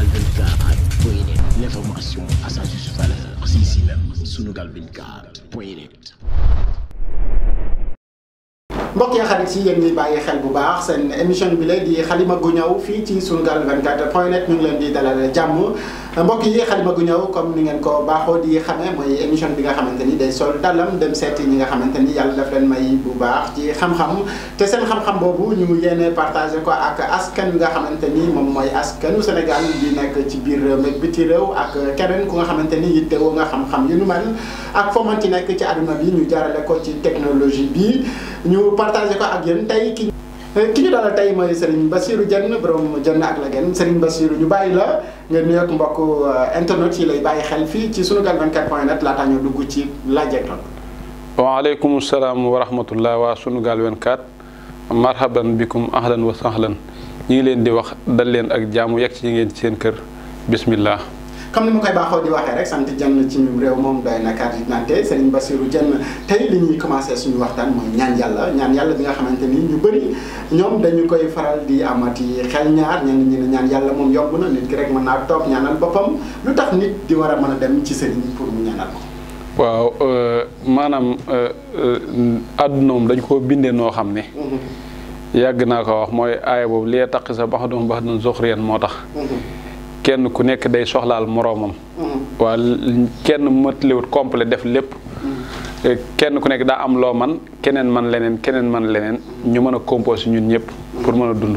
Sunugal 24 point net l'information à sa xarit yi yéen ñuy bàyyi xel bu baax seen émission bi la di xalima gu ñëw fii ci Sunugal 24 point net ñu ngi leen di dalal jàmm mbokk yi xalima gu ñëw comme ni ngeen ko baaxoo di xamee mooy émission bi nga xamante ni day sol dalam dem seeti ñi nga xamante ni yàlla daf leen may bu baax ci xam-xam te seen xam-xam boobu ñu yéene partagé ko ak askan bi nga xamante ni moom mooy askanu Sénégal bi nekk ci biir biti réew ak keneen ku nga xamante ni yittewoo nga xam-xam yu nu mel ak foo ci nekk ci àdduna bi ñu jaarale ko ci technologie bi ñu partagé ko ak yéen tey ki Eh, ki ñu dalal tey mooy Serigne Bassirou Dienne borom Dienne ak la gen Serigne Bassirou ñu bàyyi la nga nuyoog mbokk euh, internet yi lay bàyyi xel fii ci sunu sunugal 24 point net laataa ñu dugg ci laaj ak tontu. waaleykum salaam wa rahmatullah waa sunugal 24 marhaban bikum ahlan wa sahlan ñu ngi leen di wax dal leen ak jaamu yegg ci ngeen ci seen kër bismillah. comme ni ma koy baaxoo di waxee rek sant Dienne ci ñun réew moom doy na carte d'identité Serigne Bassirou Dienne tey li ñuy commencé suñu waxtaan mooy ñaan yàlla ñaan nga xamante ñoom dañu koy faral di amati xel ñaar ñenn ñi ne ñaan yàlla moom yomb na nit ki rek mën naa toog ñaanal boppam lu tax nit di war a mën a dem ci sëriñ pour mu ñaanal ko. waaw euh, maanaam euh, euh, àdduna moom dañ koo bindee noo xam ne. Mhm. yàgg naa ko wax mooy aaya boobu lee taq sa bax doom bax moo tax. Mhm. kenn ku nekk day soxlaal moroomam. Mhm. waa kenn mëtlewut complet def lépp. kenn ku nekk daa am loo man keneen man leneen keneen man leneen ñu mën a composé ñun ñëpp pour mën a dund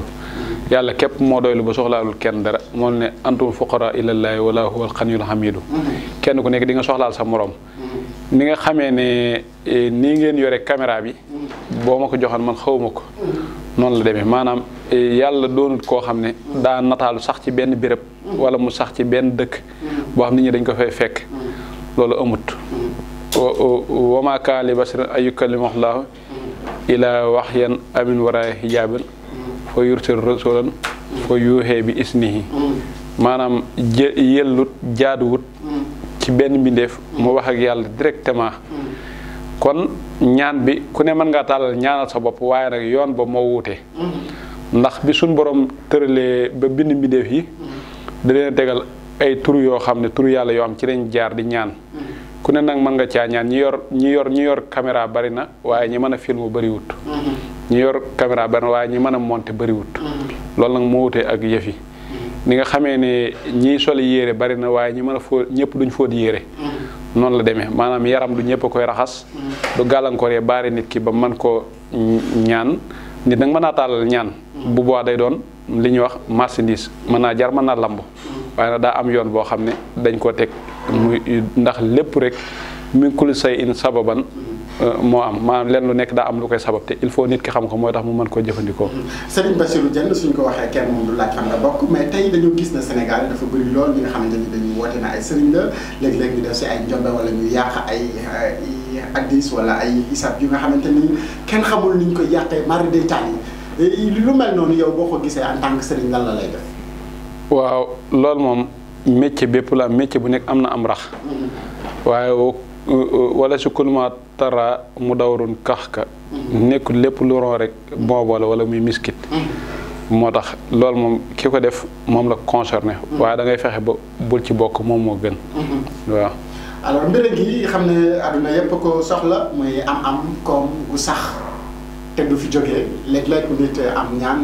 yàlla képp moo doylu ba soxlaalul kenn dara moo ne antum fuqara ilallaahi wala huwa alxaniyul xamidu kenn ku nekk di nga soxlaal sa morom ni nga xamee ne e, nii ngeen yore caméra bi boo ma ko joxoon man xawma ko noonu la demee maanaam e, yàlla doonut koo xam ne daa nataalu sax ci benn béréb wala mu sax ci benn dëkk boo xam nit ñi dañ ko fay fekk loolu amut wa wa maakaa li basharin ilaa waxyan amin waraay hijaaban fa yursil rasulan fa yuuxee bi isnihi maanaam jë yellut jaaduwut ci benn mbindeef mu wax ak yàlla directement kon ñaan bi ku ne mën nga tàllal ñaanal sa bopp waaye nag yoon ba moo wuute ndax bi suñ borom tëralee ba bind mbindeef yi da leen tegal ay tur yoo xam ne tur yàlla yoo am ci lañ jaar di ñaan ku ne nag mën nga caa ñaan ñi yor ñi yor ñi yor caméra bari na waaye ñi mën a film bariwut mm-hmm. ñi yor caméra bari na waaye ñi mën a monter bariwut mm-hmm. loolu nag moo wutee ak yëfi mm-hmm. ni nga xamee ne ñi soli yére bari na waaye ñi mën a fóot ñëpp duñ fóot yére noonu la demee maanaam yaram du ñëpp koy raxas du gàllankoor yee baari nit ki ba mën koo ñaan nit nag mën naa taalal ñaan bu boobaa day doon li ñuy wax marchandise mën naa jar mën naa lamb waaye na daa am yoon boo xam ne dañ ko teg mu ndax lépp rek min kulli shay'in sababan euh, moo am maanaam lenn lu nekk daa am lu koy sabab te il faut nit ki xam ko mooy tax mu mën koo jëfandikoo. Serigne Bassirou Dieng suñ ko waxee kenn moom du laaj fan la bokk mais tey dañoo gis ne Sénégal dafa bëri lool ñi nga xamante ni dañuy woote na ay Serigne la léeg-léeg ñu def si ay njombe walla ñu yàq ay addis wala ay isab yu nga xamante ni kenn xamul ni ñu koy yàqee mari day taal lu mel noonu yow boo ko gisee en tant lan la lay def. waaw loolu moom métier bépp la métier bu nekk am na am rax waaye wala su kulma tara mu dawrun kax ka lépp lu ron rek booboo la wala muy miskit moo tax loolu moom ki ko def moom la concerné waaye dangay fexe ba bul ci bokk moom moo gën waaw alors mbir gi xam ne àdduna yépp ko soxla muy am am koom gu sax te du fi jógee léeg-léeg nit am ñaan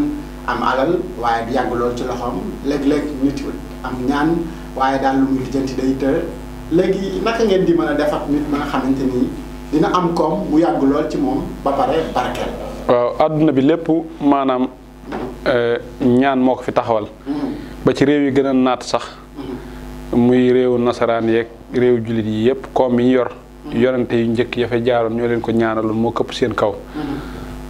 am alal waaye du yàgg lool ci loxoom léeg-léeg nit am ñaan waaye daal lu muy lijjanti day të léegi naka ngeen di mën a def nit ma nga xamante ni dina am koom mu yàgg lool ci moom ba pare barkeel. waaw àdduna bi lépp maanaam mm-hmm. eh, ñaan moo ko fi taxawal. Mm-hmm. ba ci réew yi gën a naat sax. Mm-hmm. muy réewu nasaraan yeeg réew jullit yi yëpp koom yi ñu yor. yorante yu njëkk ya fa jaaroon ñoo leen ko ñaanaloon moo këpp seen kaw.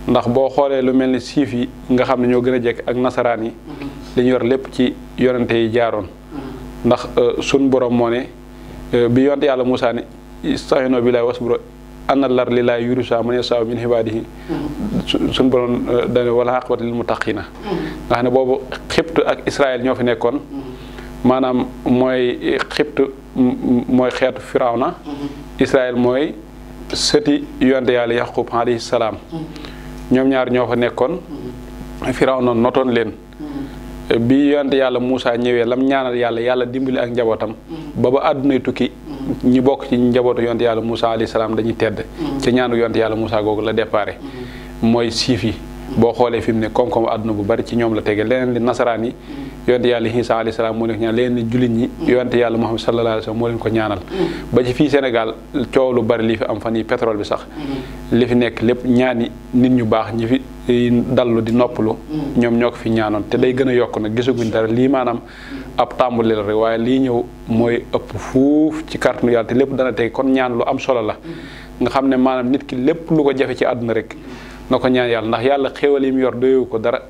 ndax boo xoolee lu mel ni siif yi nga xam ne ñoo gën a jekk ak nasaraan yi li mm-hmm. ñu yor lépp ci yonente yi jaaroon mm-hmm. ndax euh, sun borom moo ne euh, bi yonte yàlla Moussa ne ista'iinu billaahi wasbiru anna lar li laay yurusa man yasa'u min ibaadihi mm-hmm. sun borom euh, dane wala aqibatu lil muttaqiina nga xam ne boobu xibtu ak Israël ñoo fi nekkoon maanaam mooy xibtu mooy xeetu firawna Israël mooy sëti yonte yàlla yaqub alayhi ñoom ñaar ñoo fa nekkoon Firawna notoon leen bi yonte yàlla Moussa ñëwee lam ñaanal yàlla yàlla dimbali ak njabootam ba ba àddunay tukki ñi bokk ci njabootu yonte yàlla Moussa alayhi salaam dañuy tedd ca ñaanu yonte yàlla Moussa googu la déparé mooy siif yi boo xoolee fi mu ne koom-koom àdduna bu bari ci ñoom la tege leneen li nasaraan yi yonte yàlla Isa alayhi salaam moo leen ko ñaanal leen jullit ñi yonte yàlla Muhammad sallallahu alayhi wasallam moo ko ñaanal mm. ba ci fii Sénégal coow lu bari lii fi am fan yi pétrole bi sax mm. li fi nekk lépp ñaani nit ñu baax ñi fi dallu di noppalu mm. ñoom ñoo ko fi ñaanoon te day gën a yokk nag gisaguñ dara lii maanaam ab tàmbali la rek waaye lii ñëw mooy ëpp fuuf ci kàttanu yàlla te lépp dana tey kon ñaan lu am solo la nga xam ne maanaam nit ki lépp lu ko jafe ci àdduna rek na ko ñaan yàlla ndax yàlla xéewal yi mu yor doyewu ko dara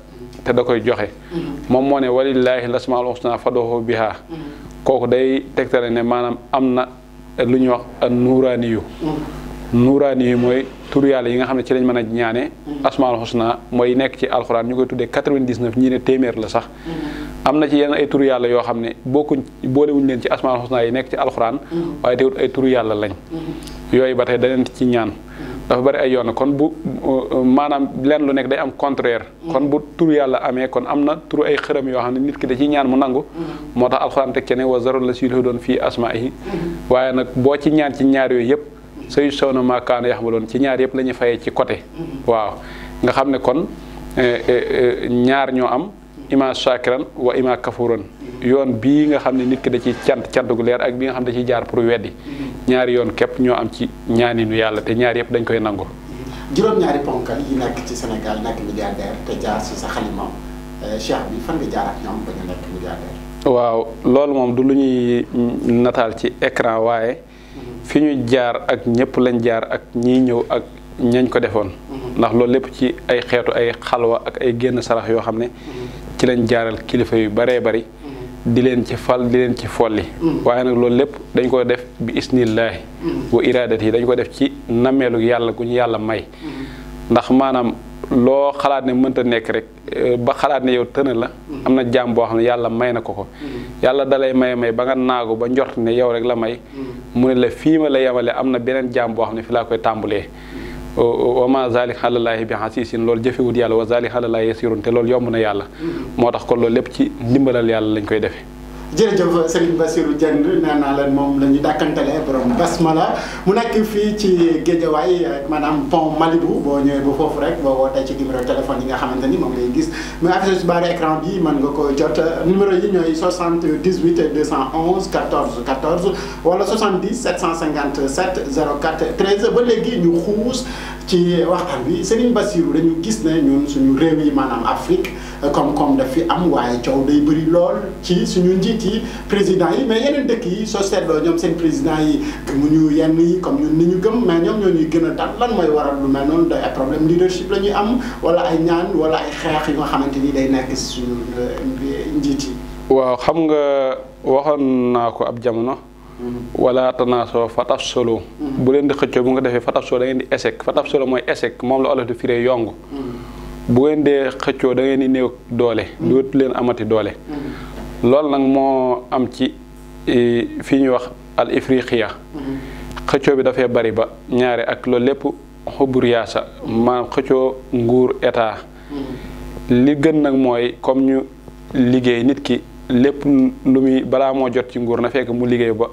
te da koy joxe mm-hmm. moom moo ne walillaahi lasmaal husna fadoohu bihaa mm-hmm. kooku day tegtale ne maanaam am na lu ñuy wax ak nuuraani yu nuuraani yu mooy tur yàlla yi nga xam ne ci lañ mën a ñaane mm-hmm. asmaal husna mooy nekk ci alxuraan ñu koy tuddee 99 ñii ne téeméer la sax am na ci yenn ay tur yàlla yoo xam ne bokkuñ boolewuñ leen ci asmaal husna yi nekk ci alxuraan waaye teewut ay tur yàlla lañ yooyu ba tey daneen ci ñaan dafa bari ay yoon kon bu maanaam lenn lu nekk day am contraire kon bu tur yàlla amee kon am na tur ay xërëm yoo xam ne nit ki da ciy ñaan mu nangu moo tax alxuraan teg ci ne wa zarul la si doon fii asmaahi waaye nag boo ci ñaan ci ñaar yooyu yëpp sayu sow na maakaana yaxmaloon ci ñaar yëpp la ñuy fayee ci côté waaw nga xam ne kon eh, eh, eh, ñaar ñoo am ima shakiran wa ima kafuran yoon bii nga xam ne nit ki da ciy cant cant gu leer ak bi nga xam ne da jaar pour weddi ñaari yoon képp ñoo am ci ñaaninu yàlla te ñaar yëpp dañ koy nangu. juróom-ñaari ponkal yi nekk ci Sénégal nekk milliardaire te jaar si sa xalima euh, cheikh bi fan nga jaar ak ñoom ba ñu nekk milliardaire. waaw loolu moom du lu ñuy nataal ci écran waaye mhm. fi ñu jaar ak ñëpp lañ jaar ak ñiy ñëw ak ñañ ko defoon mhm. ndax loolu lépp ci ay xeetu ay xalwa ak ay génn sarax yoo xam ne mhm. ci lañ jaaral kilifa yu baree bari di leen ci fal di leen ci folli mm. waaye nag loolu lépp dañ ko def bi isnillaahi mm. wa iraadat yi dañ ko def ci nameelu yàlla gu ñu yàlla may mm. ndax maanaam loo xalaat ne mënta nekk rek eh, ba xalaat ne yow tëna la am na jaam boo xam ne yàlla may na ko ko yàlla dalay maye may ba nga naagu ba njort ne yow rek la may mu ne la fii ma la yemale am na beneen jaam boo xam ne fi laa koy tàmbulee wa ma zalik xalalaahi bi xasiisin loolu jëfewut yàlla wa zalik xalalaahi yasirun te loolu yomb na yàlla mm-hmm. moo tax kon loolu lépp ci ndimbalal yàlla lañ koy defe jërëjëf Serigne Bassirou Dieng nee naa leen moom la ñu dàkkantale borom basmala mu nekk fii ci Géejawaay maanaam pont Malibu boo ñëwee bu foofu rek boo wootee ci numéro téléphone yi nga xamante ni moom ngay gis mais affiché ci barre écran bi mën nga ko jot numéro yi ñooy 78 211 14 14 wala 70 757 04 13 ba léegi ñu xuus. ci waxtaan bi Serigne Bassirou dañu gis ne ñun suñu réew yi maanaam Afrique euh, koom-koom daf fi am waaye coow day bëri lool ci suñu njiit yi président yi mais yeneen dëkk yi soo seetloo ñoom seen président yi gëmuñu yenn yi comme ñun ni ñu gëm mais ñoom ñoo ñuy gën a dal lan mooy waral lu mel noonu day ay problème leadership la ñuy am wala ay ñaan wala ay xeex yi nga xamante ni day nekk si suñu euh, njiit yi. waaw xam nga waxoon naa ko ab jamono. wala tanaasoo fataf solo mm-hmm. bu leen di xëccoo bu nga defee fataf solo da ngeen di échec fataf solo mooy échec moom la olof di firee yong mm-hmm. bu ngeen dee xëccoo da di néew doole mm-hmm. dootu leen amati doole loolu nag moo am ci fi ñuy wax al ifriqiya xëccoo bi dafay bari ba ñaare ak loolu lépp xubur yaasa maanaam xëccoo nguur état li gën nag mooy comme ñu liggéey nit ki lépp lu muy balaa moo jot ci nguur na fekk mu liggéey ba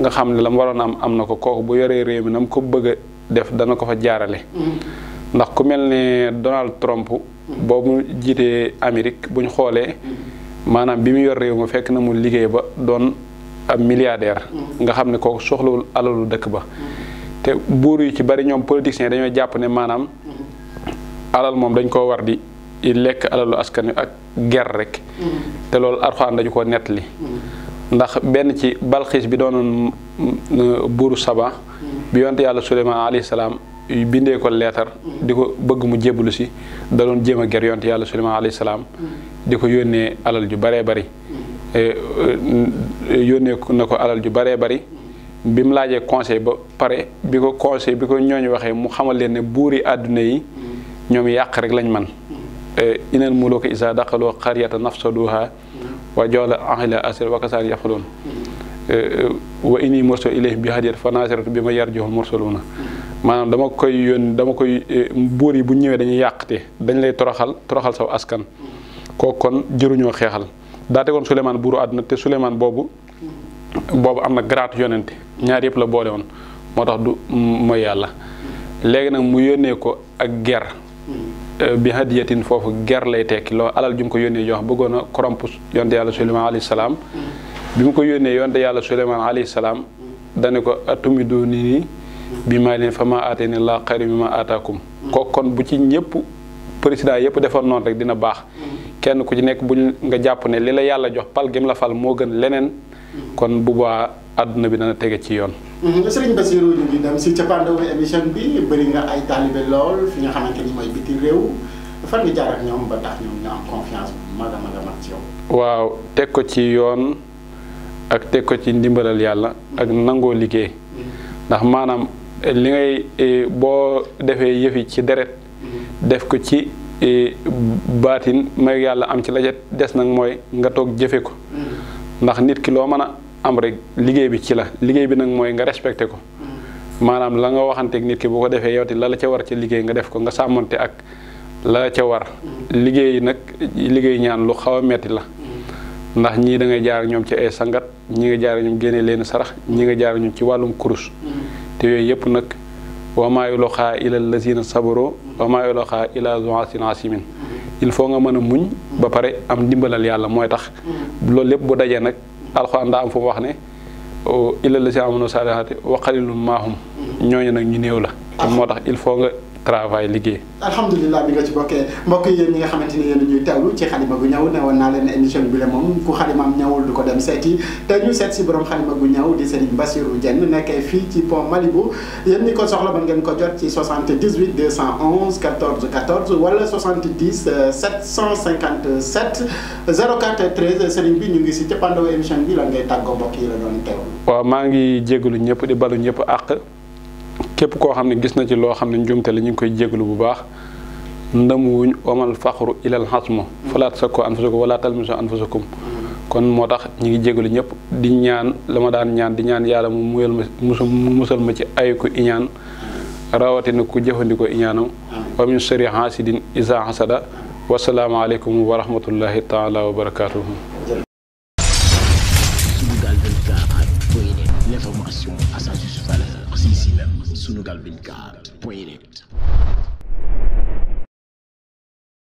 nga xam ne la mu waroon am am na ko kooku bu yoree réew mi na mu ko bëgg def dana ko fa jaarale. Mm-hmm. ndax ku mel ne Donald Trump. boobu jiitee amerique bu ñu xoolee. Mm-hmm. maanaam bi mu yor réew ma fekk na mu liggéey ba doon ab milliardaire. Mm-hmm. nga xam ne kooku soxlawul alalu dëkk ba. te buur yu ci bari ñoom politiciens yi dañoo jàpp ne maanaam. alal moom dañ koo war di lekk alalu askan wi ak gert rek. te loolu Alxuraan dañu ko nettali. ndax benn ci balxiis bi doonoon mm, mm, buuru Saba mm. bi yonte yàlla Suleymaan alayhi salaam bindee ko leetar di ko bëgg mu jébbalu si da jéem a ger yonte yàlla Suleymaan alayhi salaam di ko yónnee alal ju baree bari eh, eh, yónnee na ko alal ju baree bari bi mu laajee conseil ba pare bi ko conseil bi ko ñooñu waxee mu xamal leen ne buuri àdduna yi ñoom yàq rek lañ man eh, inal muluuka izaa daxaluu qaryatan afsaduuhaa wa joola anxila asir wakasaan yaqulun wa ini morso ilayhi bi hadiyat fa naasiratu bi ma yar jox joxul morsaluna maanaam dama koy yónni dama koy eh, buur yi bu ñëwee dañuy yàqte dañ lay toroxal toroxal saw askan kooku kon jëruñoo xeexal daa tegoon Souleymane buuru àdduna te Souleymane boobu boobu am na garaat yonente ñaar yëpp la boole woon moo tax du mooy yàlla léegi nag mu yónnee ko ak guerre Euh, bi hadiyatin foofu ger lay tekki loo alal ju mu ko yónnee jox bëggoon a koromp yonte yàlla suleymaan alayhi salaam mm. bi mu ko yónnee yonte yàlla suleymaan alayhi salaam dane ko atumiduni nii bi maa leen fa ma aatee ni laa xayri ma aataakum mm. ko kon bu ci ñëpp président yëpp defoon noonu rek dina baax mm. kenn ku ci nekk bu nga jàpp ne li la yàlla jox pal gi mu la fal moo gën leneen kon bu boobaa àdduna bi dana tege ci yoon. Mm-hmm. sëriñ Bassirou ñu émission bi bëri nga ay taalibe lool fi nga xamante ni mooy biti réew fan nga jaar ñoom ba tax ñoom ñu am confiance bu mag ci yow. waaw teg ko ci yoon ak teg ko ci ndimbalal yàlla ak mm-hmm. nangoo liggéey mm-hmm. ndax maanaam eh, li ngay eh, boo defee yëfi ci deret def ko ci eh, baatin may yàlla am ci la des nag mooy nga toog jëfe ko. ndax nit ki loo mën a am rek liggéey bi ci la liggéey bi nag mooy nga respecté ko maanaam la nga waxanteeg nit ki bu ko defee yow ti la la ca war ca liggéey nga def ko nga sàmmante ak la ca war liggéey nag liggéey ñaan lu xaw a metti la ndax ñii da ngay jaar ñoom ci ay sangat ñi nga jaar ñoom génne leen sarax ñi nga jaar ñoom ci wàllum kurus te yooyu yëpp nag wa maa la ila lazina sabaro wa maa yulqaa ila zuasin asimin il faut nga mën a muñ ba pare am ndimbalal yàlla mooy tax loolu lépp bu dajee nag alxuraan daa am fu wax ne oh, illal la si amoon na saalihaati wa qalilun maahum mm-hmm. ñooñu nag ñu néew la kon ah. moo tax il faut nga travail liggéey. alhamdulilah bi nga ci bokkee mbokk yi yéen ñi nga xamante ni yéen ñuy teewlu ci xalima gu ñaw newoon naa leen émission bi la moom ku xalimaam ñawul du ko dem seeti te ñu seet si borom xalima gu ñaw di Serigne Bassirou Diène ci pont Malibu yéen ñi ko soxla mën ngeen ko jot ci 78 211 14 14 wala euh, bi ñu ngi si cappaandawu émission bi lan ngay tàggoo mbokk yi la doon teewlu. waaw maa ngi jégalu ñëpp di balu ñëpp àq. képp koo xam ne gis na ci loo xam ne njuumte la ñu ngi koy jéglu bu baax ndam wuñ omal faxru ilal xasmo falaat sakko anfusakum wala talmiso anfusakum kon moo tax ñu ngi jégalu ñëpp di ñaan la ma daan ñaan di ñaan yàlla mu muyal ma mu musal ma ci ay ku iñaan rawatina ku jëfandikoo iñaanam wa min sari hasidin isa hasada wasalaamualeykum wa rahmatullahi taala